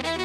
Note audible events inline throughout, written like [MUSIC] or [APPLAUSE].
thank you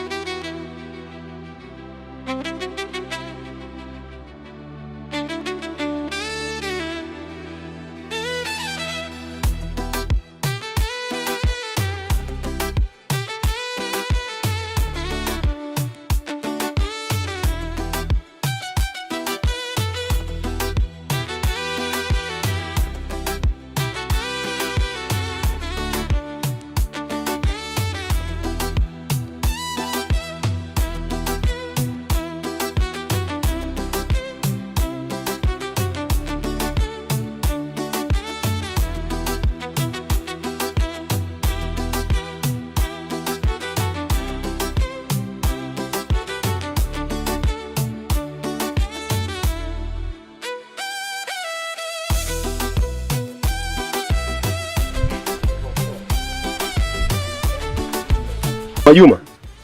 Mwajuma,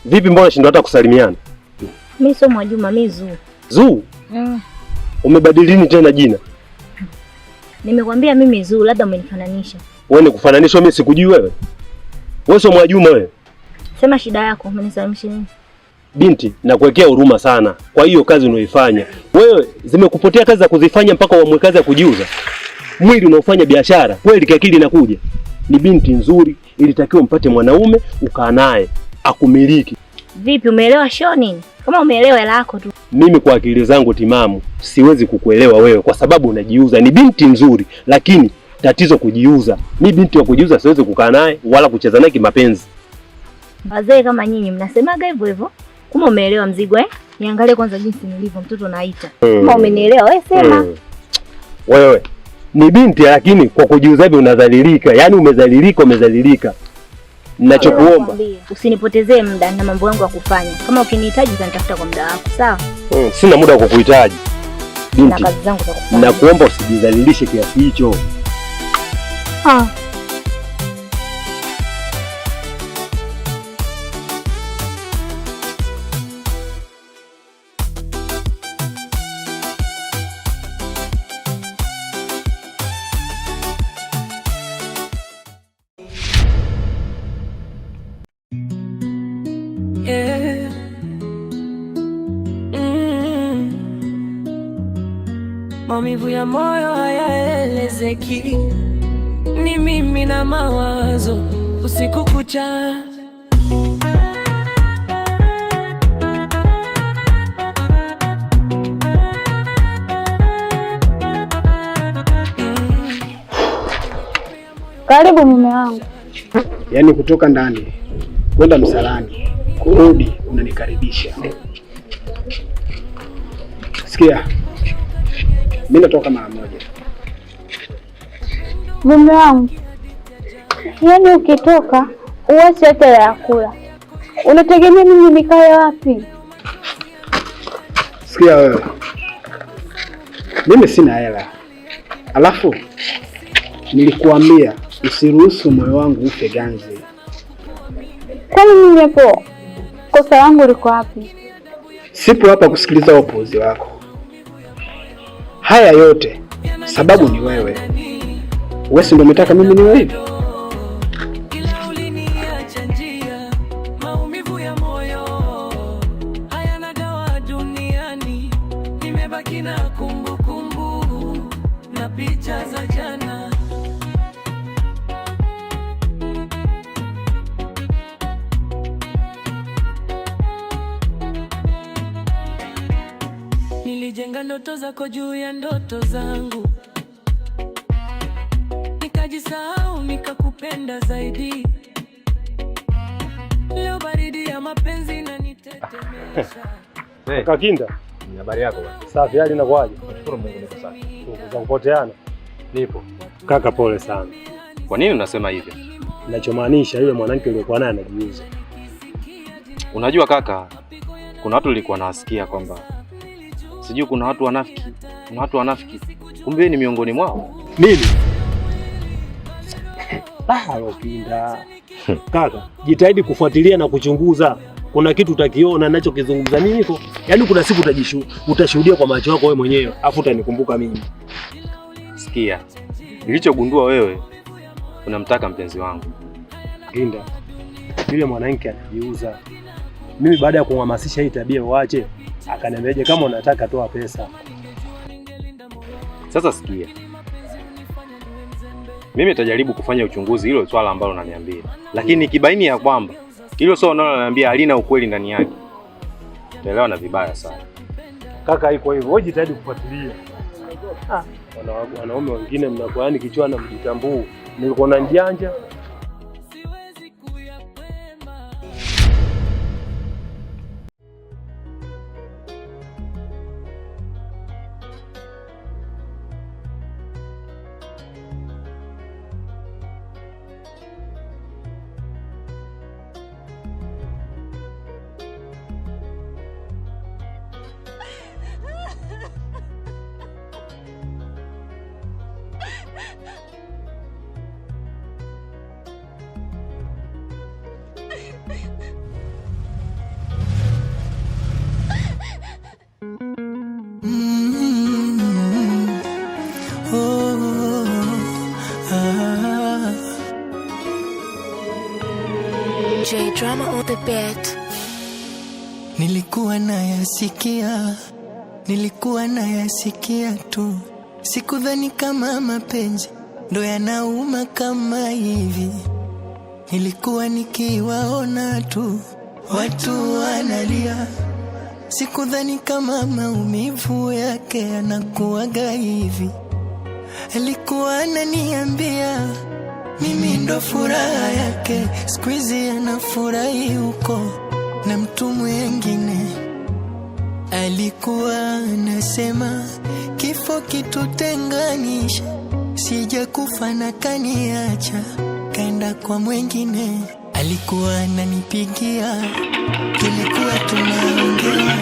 vipi mbona shindo hata kusalimiana? Mi sio Mwajuma, mi Zuu. Zuu? Mm. Umebadilini tena jina? Nimekwambia mimi Zuu, labda umenifananisha. Wewe ni kufananisha, mi sikujui wewe. Wewe sio Mwajuma wewe. Sema shida yako, umenisalimisha nini? Binti, nakuwekea huruma sana kwa hiyo kazi unaoifanya wewe. Zimekupotea kazi za kuzifanya mpaka uamue kazi ya kujiuza. Mwili unaofanya biashara kweli, kiakili inakuja. Ni binti nzuri, ilitakiwa mpate mwanaume ukaa naye akumiliki. Vipi, umeelewa Shoni? Kama umeelewa hela yako tu. Mimi kwa akili zangu timamu siwezi kukuelewa wewe, kwa sababu unajiuza. Ni binti nzuri, lakini tatizo kujiuza. Mi binti wa kujiuza siwezi kukaa naye wala kucheza naye kimapenzi. Wazee kama nyinyi mnasemaga hivyo hivyo. Kama umeelewa mzigo eh? Niangalie kwanza jinsi nilivyo mtoto naita. Kama Hmm. umenielewa wewe sema. Hmm. Wewe ni binti lakini kwa kujiuza hivi unadhalilika. Yaani umezalilika, umezalilika. Ninachokuomba usinipotezee muda na mambo yangu ya kufanya. Kama ukinihitaji utanitafuta kwa muda wako, sawa? Hmm, sina muda wa kukuhitaji binti, na kazi zangu za kufanya. Nakuomba usijidhalilishe kiasi hicho. Ah. maumivu ya moyo hayaelezeki, ni mimi na mawazo usiku kucha. Karibu mume wangu. Yaani kutoka ndani kwenda msalani kurudi unanikaribisha. Sikia, mimi natoka mara moja. Mume wangu, yaani ukitoka uwasi hata ya kula, unategemea mimi nikae wapi? Sikia wewe, mimi sina hela, alafu nilikuambia usiruhusu moyo wangu ufe ganzi. Kwani mimi hapo kosa langu liko wapi? Sipo hapa kusikiliza upuuzi wako. Haya yote sababu ni wewe. Wewe ndio umetaka mimi niwe hivi. nikajenga ndoto zako juu ya ndoto zangu, nikajisahau nikakupenda zaidi. Leo baridi ya mapenzi inanitetemesha. [LAUGHS] Hey, Kakinda, habari yako bwana? Safi, hali inakuaje? Nashukuru Mungu niko safi. Za kupoteana nipo. Kaka pole sana. Kwa nini unasema hivyo? Ninachomaanisha yule mwanamke uliokuwa naye anajiuza. Unajua kaka, kuna watu nilikuwa nawasikia kwamba Sijui kuna watu wanafiki, kuna watu wanafiki, kumbe ni miongoni mwao. Mimi [LAUGHS] ah, Pinda kaka, jitahidi kufuatilia na kuchunguza, kuna kitu utakiona ninachokizungumza mimi niko, yaani kuna siku utajishu, utashuhudia kwa macho yako wewe mwenyewe, afu utanikumbuka mimi. Sikia nilichogundua, wewe unamtaka mpenzi wangu Pinda. Yule mwanamke anajiuza. Mimi baada ya kumhamasisha hii tabia waache Akaniambiaje, kama unataka toa pesa. Sasa sikia, mimi nitajaribu kufanya uchunguzi hilo swala ambalo unaniambia, lakini nikibaini ya kwamba hilo swala unaloniambia halina ukweli ndani yake, utaelewa na vibaya sana kaka. Iko hivyo, wewe jitahidi kufuatilia ah. wanaume wengine mnakuwa, yani kichwa na mjitambuu, nilikuwa na njanja DJ Drama on the beat. Nilikuwa nayasikia, nilikuwa nayasikia tu, sikudhani kama mapenzi ndo yanauma kama hivi. Nilikuwa nikiwaona tu watu wanalia, sikudhani kama maumivu yake yanakuwaga hivi. Alikuwa ananiambia mimi ndo furaha yake, siku hizi anafurahi huko na mtu mwengine. Alikuwa anasema kifo kitutenganisha, sija kufa na kaniacha, kaenda kwa mwengine. Alikuwa ananipigia, tulikuwa tunaongea,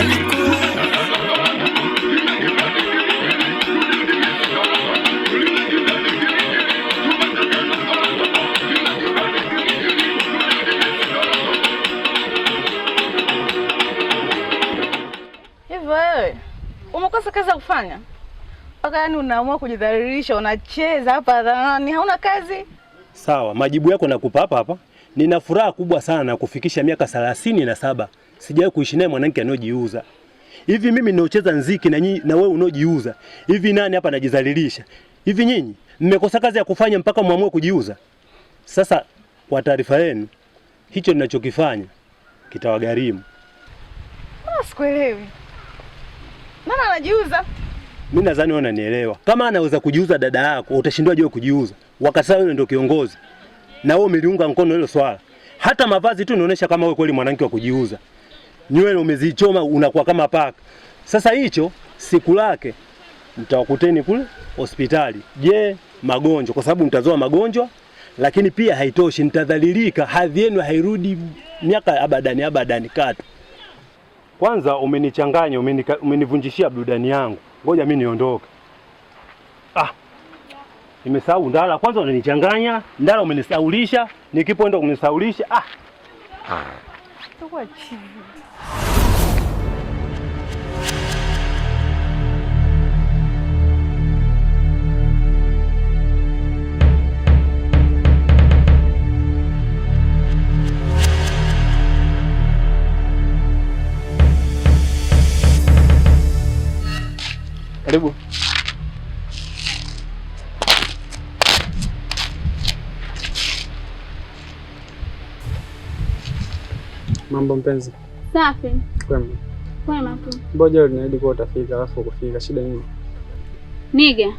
alikuwa unafanya mpaka yani unaamua kujidhalilisha, unacheza hapa hadharani, hauna kazi. Sawa, majibu yako nakupa hapa hapa. Nina furaha kubwa sana ya kufikisha miaka thelathini na saba. Sijawahi kuishi naye mwanamke anayojiuza hivi. Mimi ninaocheza nziki na nyinyi na wewe unaojiuza hivi, nani hapa anajidhalilisha hivi? Nyinyi mmekosa kazi ya kufanya mpaka muamue kujiuza? Sasa kwa taarifa yenu, hicho ninachokifanya kitawagharimu. Ah, sikuelewi, nani anajiuza? Mimi nadhani wewe unanielewa. Kama anaweza kujiuza dada yako, utashindwa wewe kujiuza? Wakati sasa wewe ndio kiongozi. Na wewe umeliunga mkono hilo swala. Hata mavazi tu inaonyesha kama wewe kweli mwanamke wa kujiuza. Nywele umezichoma unakuwa kama paka. Sasa hicho siku lake mtawakuteni kule hospitali. Je, magonjwa kwa sababu mtazoa magonjwa lakini pia haitoshi, nitadhalilika. Hadhi yenu hairudi miaka abadani abadani katu. Kwanza umenichanganya, umenivunjishia burudani yangu ngoja mimi niondoke. Ah, nimesahau ndala. Kwanza unanichanganya ndala, umenisaulisha nikipoenda kunisaulisha. Ah, ah. Karibu. Mambo mpenzi? Safi. Kwema. Kwema tu. Mboja linaidi kuwa utafika alafu kufika shida nini? Niga,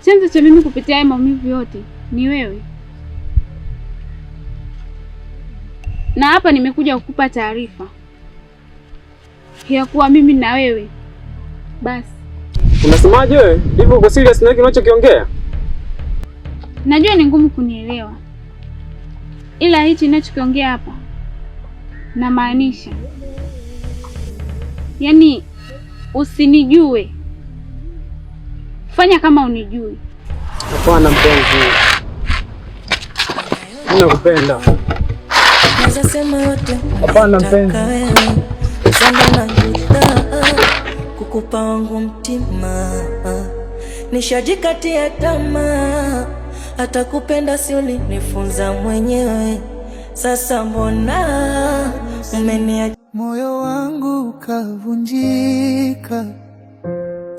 chanzo cha mimi kupitia haya maumivu yote ni wewe, na hapa nimekuja kukupa taarifa ya kuwa mimi na wewe basi. Unasemaje wewe? Hivi uko serious na kile unachokiongea? Najua ni ngumu kunielewa, ila hichi ninachokiongea hapa namaanisha, yaani usinijue, fanya kama unijui. Hapana mpenzi, nakupenda. Hapana mpenzi kukupa wangu mtima, nishajikatia tamaa, hata kupenda si ulinifunza mwenyewe. Sasa mbona umenia moyo wangu ukavunjika,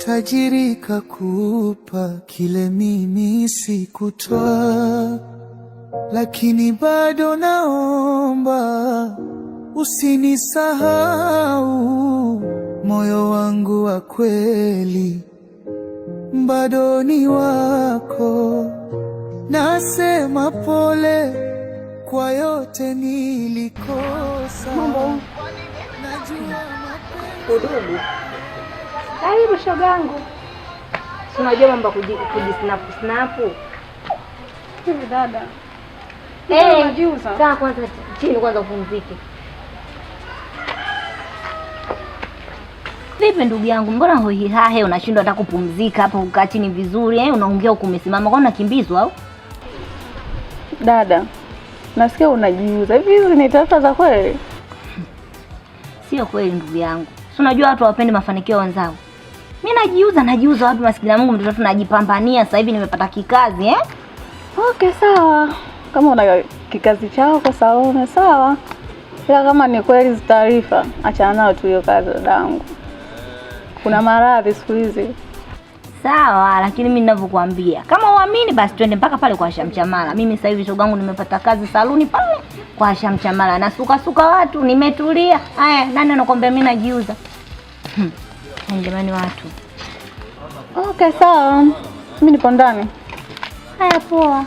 tajirika kupa kile mimi sikutoa, lakini bado naomba usinisahau moyo wangu wa kweli bado ni wako. Nasema pole kwa yote nilikosa. Najua udugu. Karibu shogangu, unajua mambo kujisnapu snapu dada. Hey, eh, kwanza chini kwanza upumzike. Vipi ndugu yangu, mbona hohihahe unashindwa hata kupumzika hapo kukaa chini vizuri eh? Unaongea huku umesimama, kwa unakimbizwa au? Dada, nasikia unajiuza. Hivi hizi ni taarifa za kweli? [CLEARS THROAT] Sio kweli ndugu yangu, si unajua watu hawapendi mafanikio wenzao. Mimi najiuza, najiuza wapi? Maskini Mungu, mtoto najipambania. sasa hivi, nimepata kikazi eh? Okay, sawa kama una kikazi chako salone, sawa ila kama ni kweli zitaarifa, achana nao tu hiyo kazi dadangu kuna maradhi siku hizi. Sawa, lakini mimi ninavyokuambia, kama uamini basi twende mpaka pale kwa Shamchamala. Mimi sasa hivi shogangu, nimepata kazi saluni pale kwa Shamchamala, nasukasuka watu, nimetulia. Haya, nani anakuambia mimi najiuza? Hmm. Jamani watu. Okay, sawa, mimi nipo ndani. Haya, poa.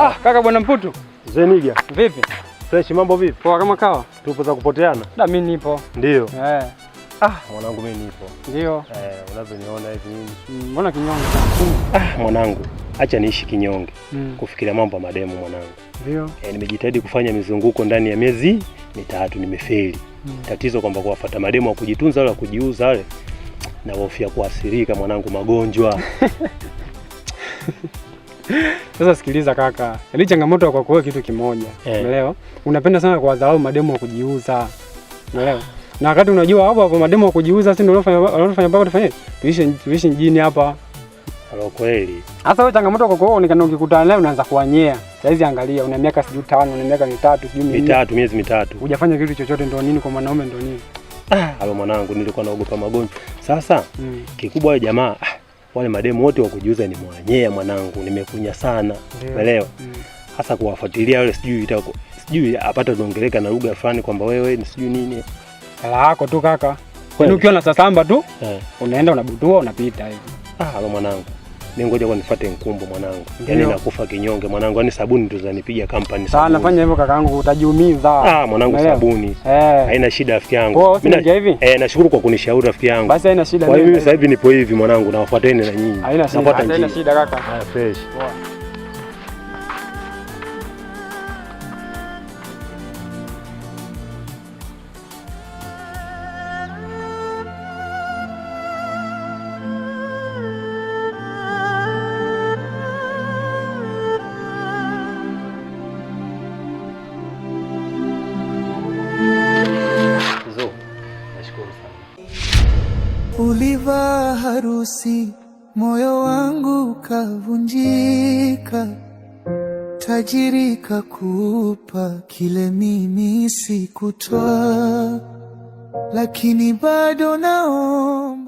Ah, kaka bwana Mputu. Zeniga. Vipi? Fresh mambo vipi? Poa kama kawa. Tupo za kupoteana. Na mimi nipo. Ndio. Eh. Ah, mwanangu mimi nipo. Ndio. Eh, unavyoniona hivi mimi. Mm, mbona kinyonge? Ah, mwanangu. Acha niishi kinyonge. Mm. Kufikiria mambo ya mademu mwanangu. Ndio. Eh, nimejitahidi kufanya mizunguko ndani ya miezi mitatu nimefeli. Mm. Tatizo kwamba kuwafuata mademu wa kujitunza wala kujiuza wale na hofia kuathirika mwanangu magonjwa [LAUGHS] Sasa sikiliza kaka, yaani changamoto kwa kwako kitu kimoja, eh. umeelewa? Unapenda sana kuwadharau mademu wa kujiuza, umeelewa? Na wakati unajua hapo hapo mademu wa kujiuza si ndio wanafanya mpaka tufanye tuishi tuishi mjini hapa. Halo kweli. Sasa wewe changamoto kwa kwao unikana ukikutana naye unaanza kuwanyea. Saizi angalia una miaka sijui tano, una miaka mitatu, sijui minne. Mitatu, miezi mitatu. Hujafanya kitu chochote ndio nini kwa mwanaume ndio nini? Ah, halo mwanangu nilikuwa naogopa magonjwa. Sasa mm. kikubwa yule jamaa ah, wale mademu wote wa kujiuza ni mwanyea mwanangu, nimekunya sana, umeelewa? Mm. Hasa kuwafuatilia wale, sijui itako, sijui apata tuongeleka na lugha fulani kwamba wewe ni sijui nini, alaako tu kaka, yaani ukiona sasamba tu eh. unaenda unabutua unapita hivi. Ah, mwanangu mi ngoja kwa nifuate nkumbo mwanangu. yani nakufa kinyonge mwanangu. yani sabuni tu zanipiga kampani sana. Sana fanya hivyo kakaangu utajiumiza. Ah mwanangu sabuni. Eh. Haina shida rafiki yangu. Eh nashukuru kwa kunishauri rafiki yangu. Basi haina shida. Kwa hiyo sasa hivi nipo hivi mwanangu nawafuateni na nyinyi. Haina shida kaka. Haya fresh. Poa. harusi, moyo wangu kavunjika tajiri kakupa kile mimi sikutoa, lakini bado naomba.